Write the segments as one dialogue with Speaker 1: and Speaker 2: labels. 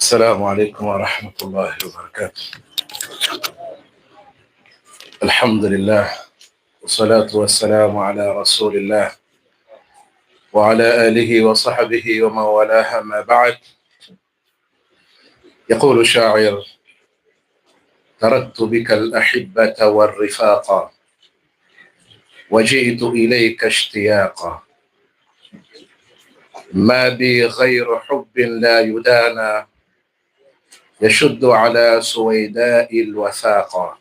Speaker 1: السلام عليكم ورحمة الله وبركاته الحمد لله والصلاة والسلام على رسول الله وعلى آله وصحبه ومن والاه ما بعد يقول شاعر تركت بك الأحبة والرفاق وجئت إليك اشتياقا ما بي غير حب لا يدانى يشد على سويداء الوثاقة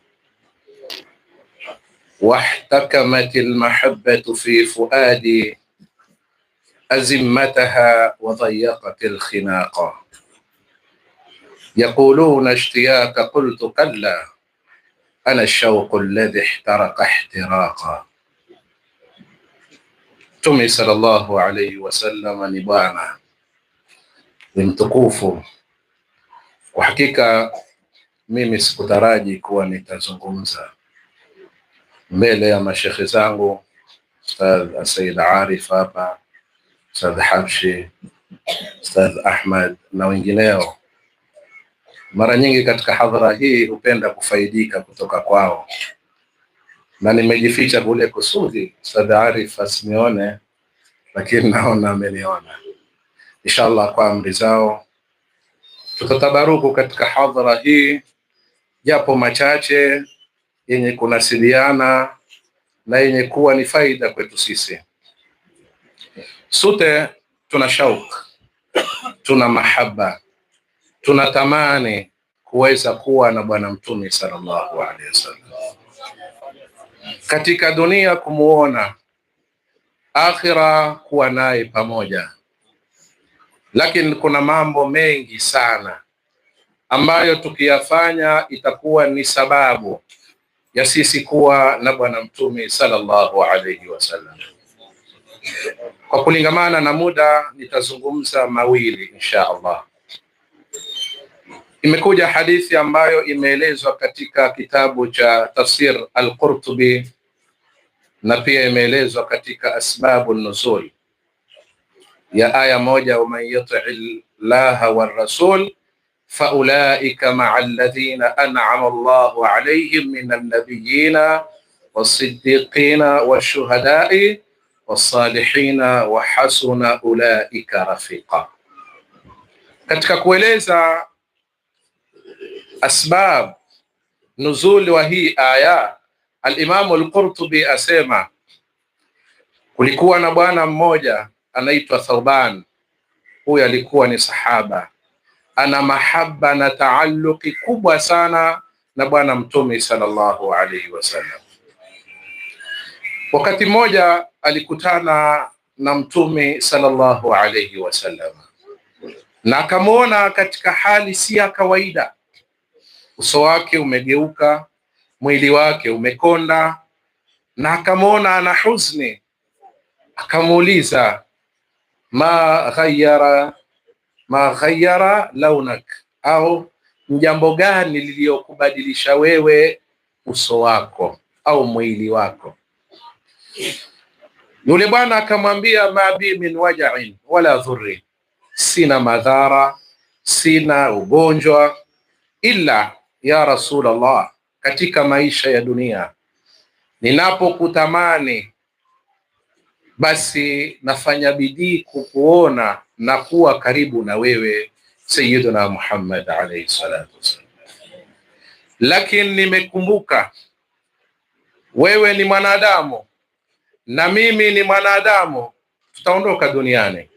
Speaker 1: واحتكمت المحبة في فؤادي أزمتها وضيقت الخناقة يقولون اشتياق قلت كلا أنا الشوق الذي احترق احتراقا تمي صلى الله عليه وسلم نبانا لم تقوفوا Kwa hakika mimi sikutaraji kuwa nitazungumza mbele ya mashekhe zangu Ustadh Said Arif hapa, Ustadh Habshi, Ustadh Ahmad na wengineo. Mara nyingi katika hadhara hii hupenda kufaidika kutoka kwao, na nimejificha kule kusudi Ustadh Arif asinione, lakini naona ameniona. Inshallah, kwa amri zao Tutatabaruku katika hadhara hii japo machache yenye kunasiliana na yenye kuwa ni faida kwetu sisi sote. Tuna shauk tuna mahaba, tunatamani kuweza kuwa na Bwana Mtume sallallahu alaihi wasallam katika dunia, kumuona akhira, kuwa naye pamoja lakini kuna mambo mengi sana ambayo tukiyafanya itakuwa ni sababu ya sisi kuwa na Bwana Mtume sallallahu alayhi wasallam. Kwa kulingamana na muda, nitazungumza mawili insha Allah. Imekuja hadithi ambayo imeelezwa katika kitabu cha tafsir Al-Qurtubi na pia imeelezwa katika asbabu nuzul ya aya moja, waman yuti llaha warasul faulaika maa alladhina an'ama Allahu alayhim minan nabiyina wasiddiqina washuhadai wasalihina wa hasuna ulaika rafiqa. Katika kueleza asbab nuzuli wa hii aya, Alimamu Alqurtubi asema kulikuwa na bwana mmoja anaitwa Thauban. Huyu alikuwa ni sahaba, ana mahaba na taalluki kubwa sana na Bwana Mtume sallallahu alaihi wasallam. Wakati mmoja alikutana na Mtume sallallahu alaihi wasallam na akamwona katika hali si ya kawaida. Uso wake umegeuka, mwili wake umekonda, na akamwona ana huzuni. Akamuuliza, ma ghayyara ma ghayyara launak, au jambo gani liliyokubadilisha wewe uso wako au mwili wako? Yule bwana akamwambia, mabi min wajain wala dhurri, sina madhara sina ugonjwa, ila ya Rasulullah, katika maisha ya dunia ninapokutamani basi nafanya bidii kukuona na kuwa karibu na wewe Sayyiduna Muhammad alayhi salatu wasallam. Lakini nimekumbuka wewe ni mwanadamu na mimi ni mwanadamu, tutaondoka duniani.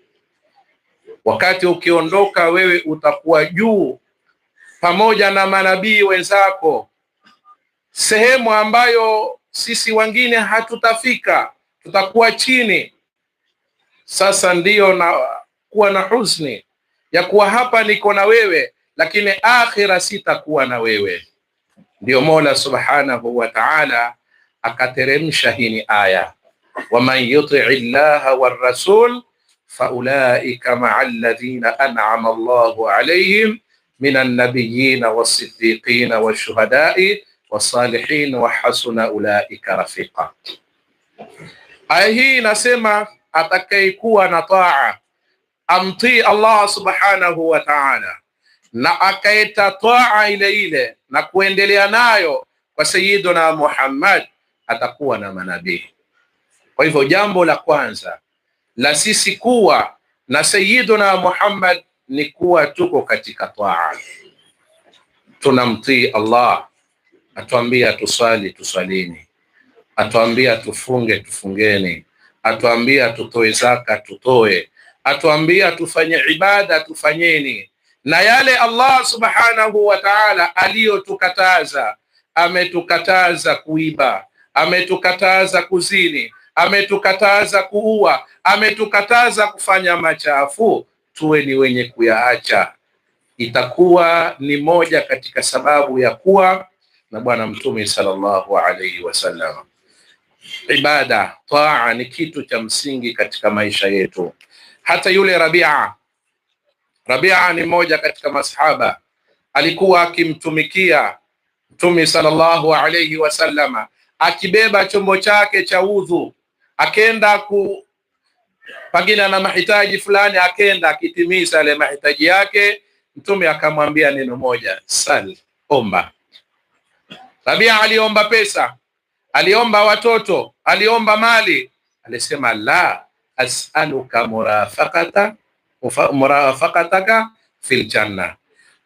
Speaker 1: Wakati ukiondoka wewe utakuwa juu pamoja na manabii wenzako, sehemu ambayo sisi wengine hatutafika tutakuwa chini. Sasa ndiyo na kuwa na huzuni ya kuwa hapa niko na wewe, lakini akhira sitakuwa na wewe. Ndiyo Mola subhanahu wa ta'ala akateremsha hii ni aya, waman yutii llaha warasul faulaika maa alladhina an'ama Allahu alayhim minan nabiyyina was washuhadai wash-shuhada'i was-salihin ulaika rafiqa. Aya hii inasema atakayekuwa na taa amtii Allah subhanahu wa ta'ala, na akaita taa ile ile na kuendelea nayo kwa Sayyiduna Muhammad, atakuwa na manabii. Kwa hivyo jambo la kwanza la sisi kuwa na Sayyiduna Muhammad ni kuwa tuko katika taa, tunamtii Allah, atuambia tuswali, tuswalini atuambia tufunge, tufungeni. Atuambia tutoe zaka, tutoe. Atuambia tufanye ibada, tufanyeni. Na yale Allah subhanahu wa ta'ala aliyotukataza, ametukataza kuiba, ametukataza kuzini, ametukataza kuua, ametukataza kufanya machafu, tuwe ni wenye kuyaacha. Itakuwa ni moja katika sababu ya kuwa na Bwana Mtume sallallahu alaihi wasallam ibada, taa ni kitu cha msingi katika maisha yetu. Hata yule Rabia, Rabia ni mmoja katika masahaba, alikuwa akimtumikia Mtume sallallahu alayhi wasallama, akibeba chombo chake cha udhu, akenda ku pengine na mahitaji fulani, akenda akitimiza yale mahitaji yake, Mtume akamwambia neno moja, sal, omba. Rabia aliomba pesa aliomba watoto, aliomba mali, alisema la as'aluka murafaqata murafaqataka fil janna,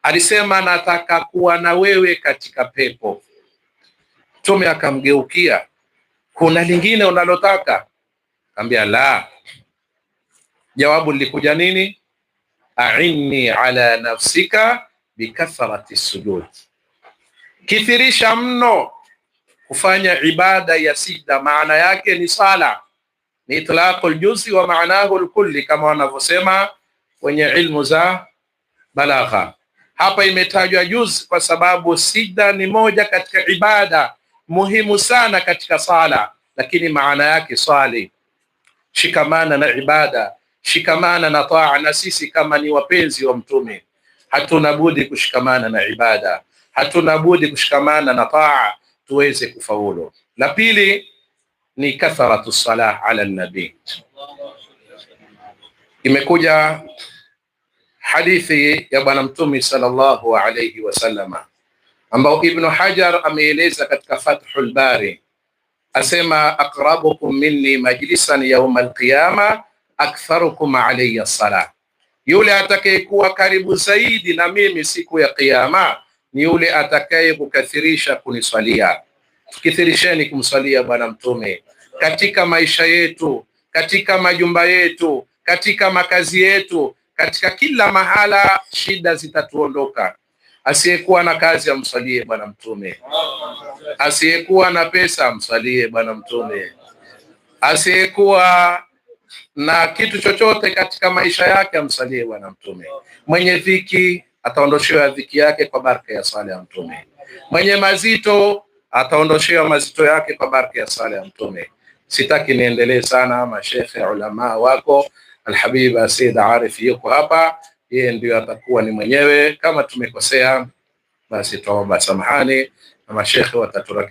Speaker 1: alisema nataka kuwa na wewe katika pepo. Mtume akamgeukia, kuna lingine unalotaka? Kaambia la. Jawabu lilikuja nini? A'inni ala nafsika bikathrati sujud, kithirisha mno kufanya ibada ya sida, maana yake ni sala, ni itlaqul juzi wa maanahu lkulli, kama wanavyosema wenye ilmu za balagha. Hapa imetajwa juzi kwa sababu sida ni moja katika ibada muhimu sana katika sala, lakini maana yake swali, shikamana na ibada, shikamana na taa. Na sisi kama ni wapenzi wa Mtume hatuna budi kushikamana na ibada, hatuna budi kushikamana na taa tuweze kufaulu. La pili ni kathratu salah ala nabi Imekuja hadithi ya Bwana Mtume sallallahu alayhi wasallama ambao Ibnu Hajar ameeleza katika Fathul Bari, asema aqrabukum minni majlisan yawma alqiyama aktharukum alayya salah, yule atakayekuwa karibu zaidi na mimi siku ya Kiyama ni yule atakaye kukathirisha kuniswalia. Tukithirisheni kumswalia Bwana Mtume katika maisha yetu, katika majumba yetu, katika makazi yetu, katika kila mahala. Shida zitatuondoka. Asiyekuwa na kazi amswalie Bwana Mtume, asiyekuwa na pesa amswalie Bwana Mtume, asiyekuwa na kitu chochote katika maisha yake amswalie Bwana Mtume. Mwenye dhiki ataondoshewa dhiki yake kwa baraka ya sala ya Mtume. Mwenye mazito ataondoshewa mazito yake kwa baraka ya sala ya Mtume. Sitaki niendelee sana, mashekhe ulama wako alhabiba Sayyid Arif yuko hapa, yeye ndio atakuwa ni mwenyewe. Kama tumekosea, basi tuomba samahani na mashekhe wataturaki